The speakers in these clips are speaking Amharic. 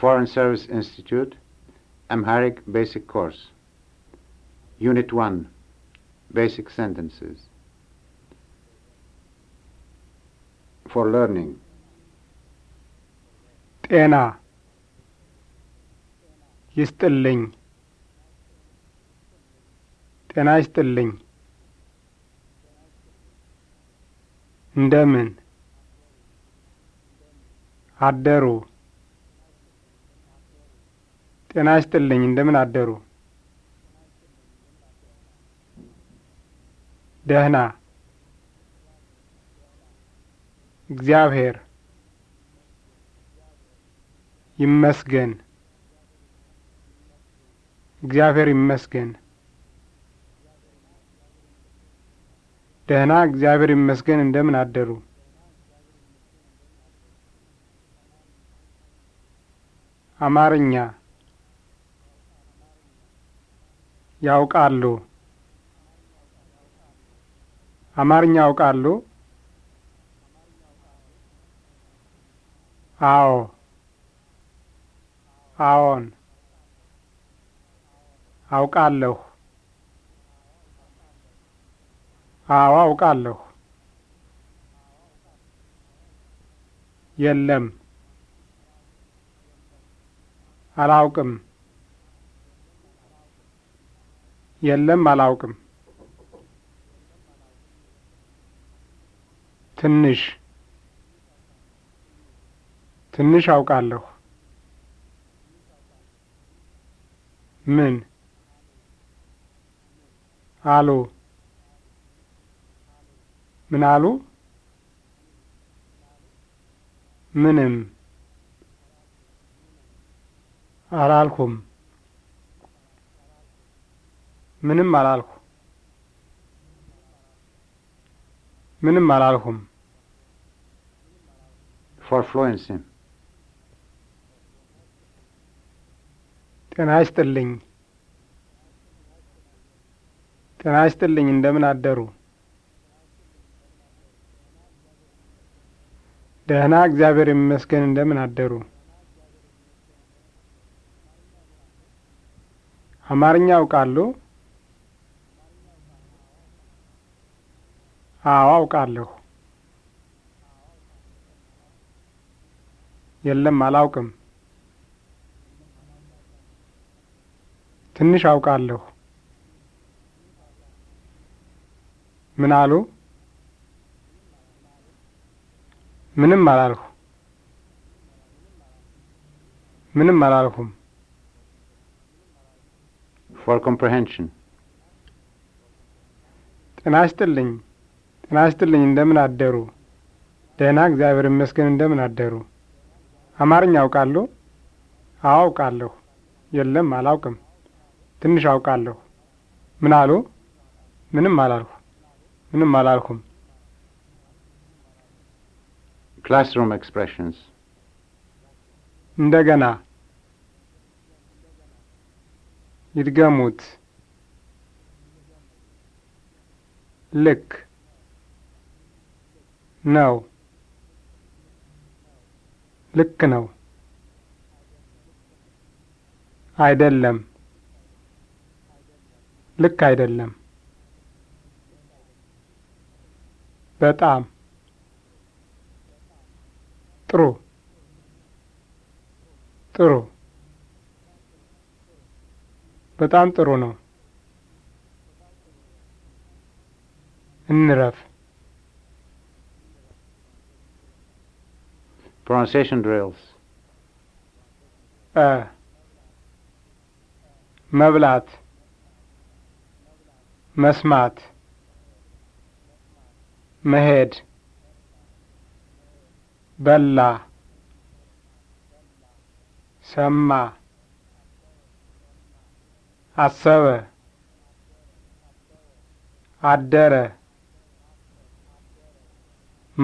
Foreign Service Institute, Amharic Basic Course, Unit 1, Basic Sentences. For learning. ጤና ይስጥልኝ ጤና ይስጥልኝ እንደምን አደሩ ጤና ይስጥልኝ። እንደምን አደሩ? ደህና እግዚአብሔር ይመስገን። እግዚአብሔር ይመስገን። ደህና እግዚአብሔር ይመስገን። እንደምን አደሩ? አማርኛ ያውቃሉ? አማርኛ ያውቃሉ? አዎ፣ አዎን፣ አውቃለሁ። አዎ፣ አውቃለሁ። የለም፣ አላውቅም። የለም አላውቅም። ትንሽ ትንሽ አውቃለሁ። ምን አሉ? ምን አሉ? ምንም አላልኩም። ምንም አላልኩ ምንም አላልሁም። ፎር ፍሉዌንሲ ጤና ይስጥልኝ ጤና ይስጥልኝ። እንደምን አደሩ? ደህና እግዚአብሔር የሚመስገን። እንደምን አደሩ? አማርኛ ያውቃሉ? አዎ አውቃለሁ። የለም አላውቅም። ትንሽ አውቃለሁ። ምን አሉ? ምንም አላልሁ። ምንም አላልሁም። ፎር ኮምፕሬንሽን ጤና ይስጥልኝ። ጤና ይስጥልኝ። እንደምን አደሩ? ደህና እግዚአብሔር ይመስገን። እንደምን አደሩ? አማርኛ አውቃለሁ አዎ አውቃለሁ። የለም አላውቅም። ትንሽ አውቃለሁ። ምን አሉ? ምንም አላልሁ። ምንም አላልኩም። ክላስሩም ኤክስፕሬሽንስ እንደገና ይድገሙት። ልክ ነው። ልክ ነው። አይደለም። ልክ አይደለም። በጣም ጥሩ ጥሩ በጣም ጥሩ ነው። እንረፍ። pronunciation drills. እ መብላት መስማት መሄድ በላ ሰማ አሰበ አደረ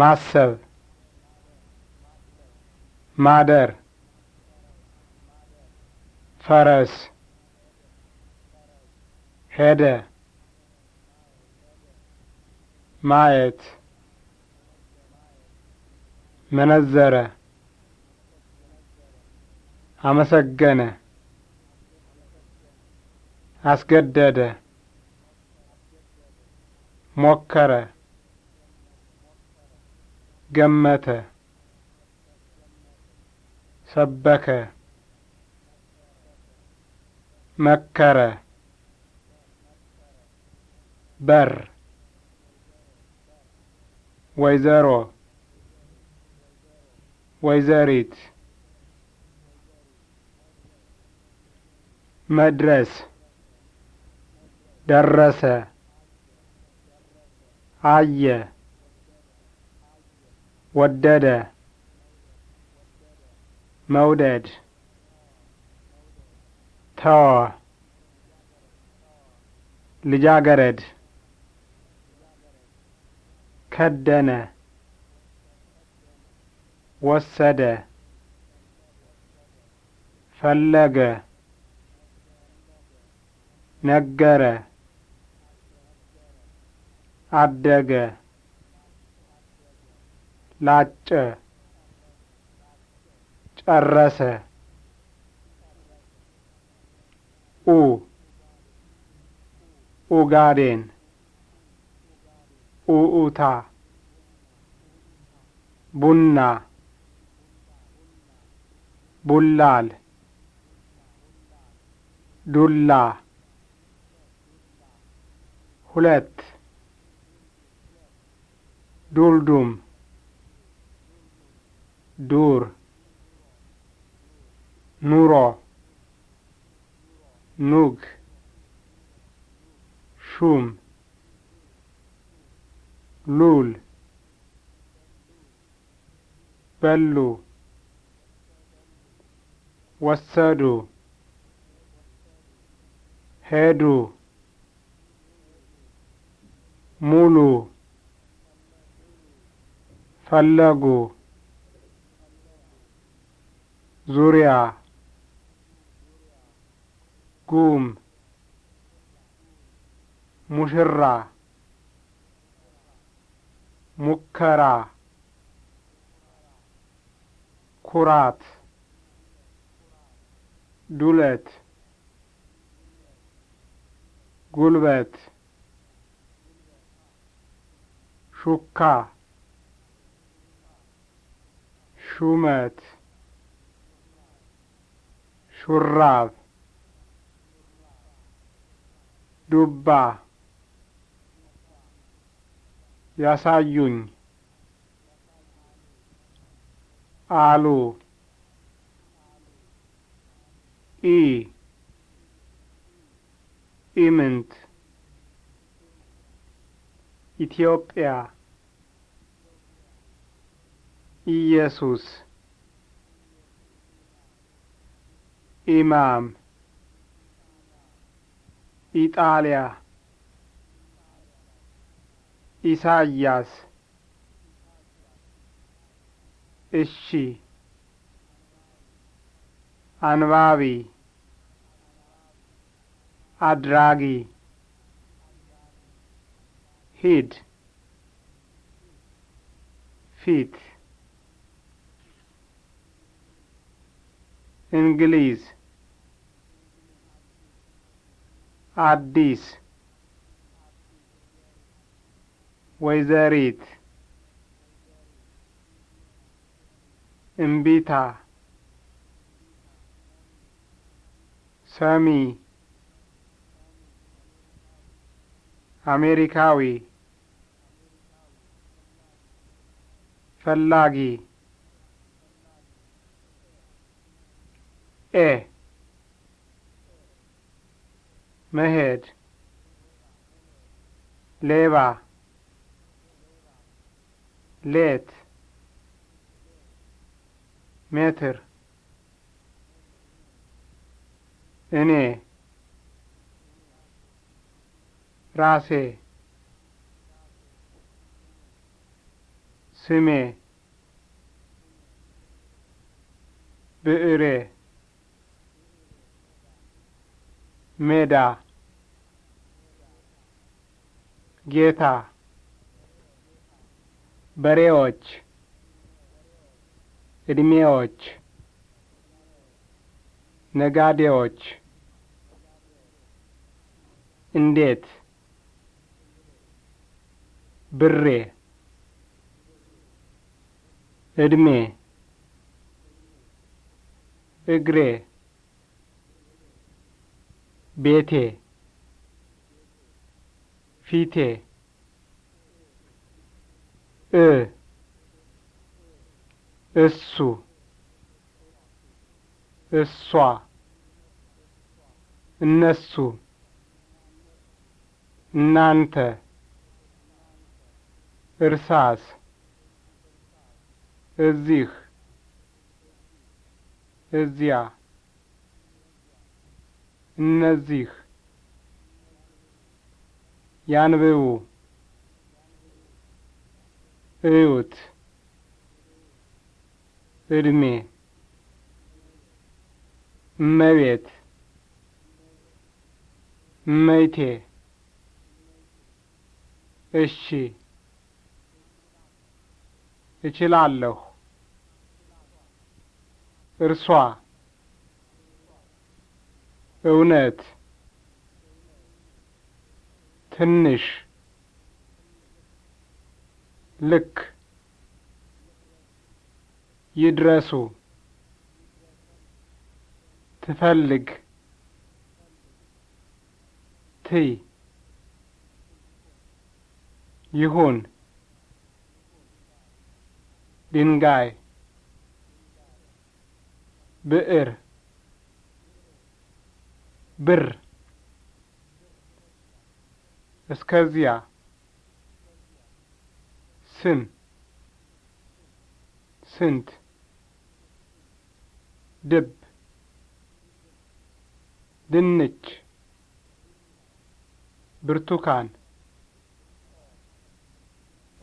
ማሰብ ማደር ፈረስ ሄደ ማየት መነዘረ አመሰገነ አስገደደ ሞከረ ገመተ سبك مكر بر ويزارو ويزاريت مدرس درس عي ودد መውደድ ተወ ልጃገረድ ከደነ ወሰደ ፈለገ ነገረ አደገ ላጨ ጨረሰ ኡ ኡጋዴን ኡኡታ ቡና ቡላል ዱላ ሁለት ዱልዱም ዱር نورا نوغ شوم لول بلو وسادو هادو مولو فلاغو زوريا قوم مشرع مكرع كرات دولت قلبت شكا شومت شراب ዱባ ያሳዩኝ አሉ ኢ ኢምንት ኢትዮጵያ ኢየሱስ ኢማም ኢጣሊያ ኢሳያስ እሺ አንባቢ አድራጊ ሂድ ፊት እንግሊዝ አዲስ ወይዘሪት እምቢታ ሰሚ አሜሪካዊ ፈላጊ ኤ महज लेवा लेथ मेथर इने रासे सिमे बेरे ሜዳ ጌታ በሬዎች እድሜዎች ነጋዴዎች እንዴት ብሬ እድሜ እግሬ ቤቴ ፊቴ እ እሱ እሷ እነሱ እናንተ እርሳስ እዚህ እዚያ እነዚህ ያንብቡ፣ እዩት፣ እድሜ፣ እመቤት፣ እመይቴ፣ እሺ፣ እችላለሁ፣ እርሷ እውነት ትንሽ ልክ ይድረሱ ትፈልግ ትይ ይሁን ድንጋይ ብዕር ብር እስከዚያ ስም ስንት ድብ ድንች ብርቱካን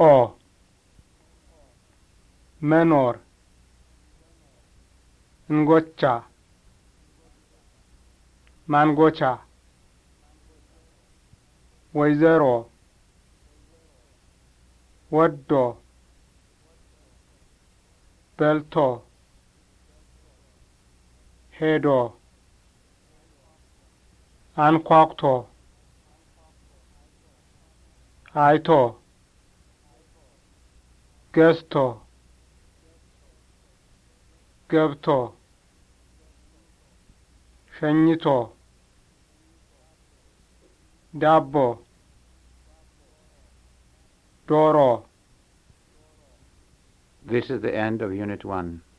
ኦ መኖር እንጎቻ ማንጎቻ፣ ወይዘሮ፣ ወዶ፣ በልቶ፣ ሄዶ፣ አንኳኩቶ፣ አይቶ፣ ገዝቶ፣ ገብቶ ሸኝቶ ዳቦ ዶሮ This is the end of Unit 1.